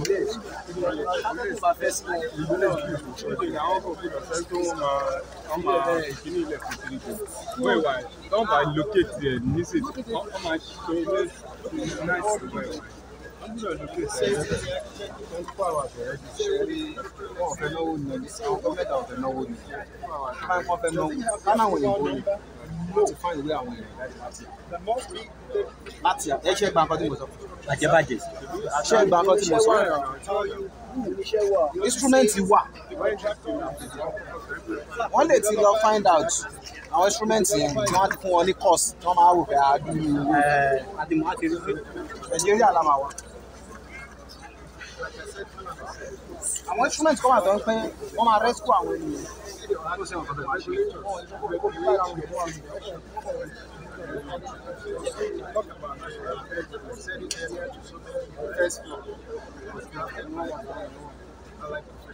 village village bá fẹ́ sí village bí àwọn kò fi ọ̀sẹ̀ tó wọ́n máa wọ́n máa kíní láti ẹ ṣe gba nǹkan bàjẹ́bàjẹ́. ṣé ìgbà kan tí mo sọ instrument wà wọ́n lè ti lọ find out àwọn instrument yẹn tí wọ́n á ti fún wọn ní course tí wọ́n máa wò pé àádúrú nàìjíríà la máa wà. àwọn instrument kan wà tó ń pín wọ́n máa rescue àwọn ènìyàn. Thank you. Série D sobre o Fast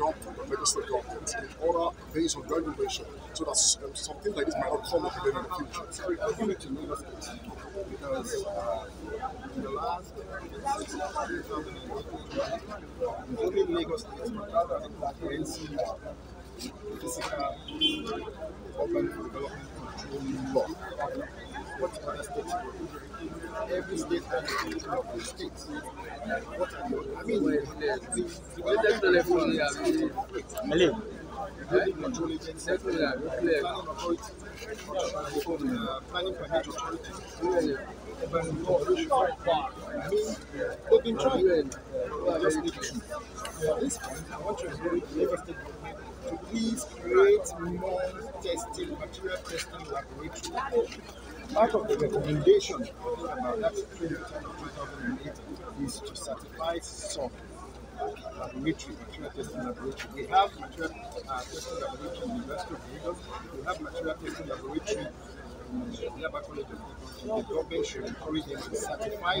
government or government order based on regulation so that um, something like this might not come up again in the future. Sorry, I wanted to know that because uh, in the last only uh, Lagos State, but rather NC physical urban development control law what Every state has a of state. What are you? I mean, have to. At this point, I want to encourage every state to please create more testing, material testing laboratory part of the recommendation about that 2008 is to certify some uh, laboratory, material testing laboratory. We have material uh, testing laboratory in the University of Lagos. We have material testing laboratory the Labour College of the government should encourage them to certify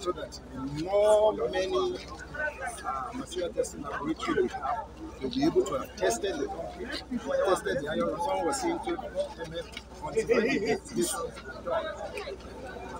so that more many uh, material testing laboratory we have, will be able to have tested the concrete, tested the iron. Someone was saying to them, this.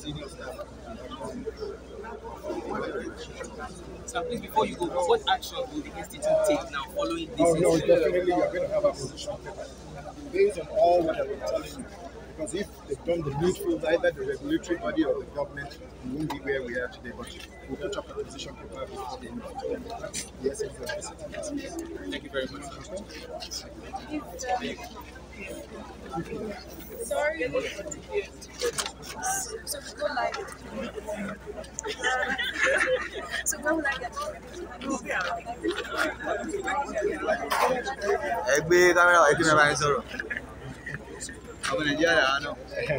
senior staff. So please, before you go, what action will the institute take now following this? Oh, no, definitely we are going to have a position paper based on all what I've been telling you. Because if they've done the needful, either the regulatory body or the government, we won't be where we are today. But we'll put up a position paper before the end of the Yes, Thank you very much. Sorry. things. So we don't like it. so we don't like it. kámẹ́rà wáyé kí mẹ́fà yín sọ̀rọ̀ ọmọ nàìjíríà yà á náà.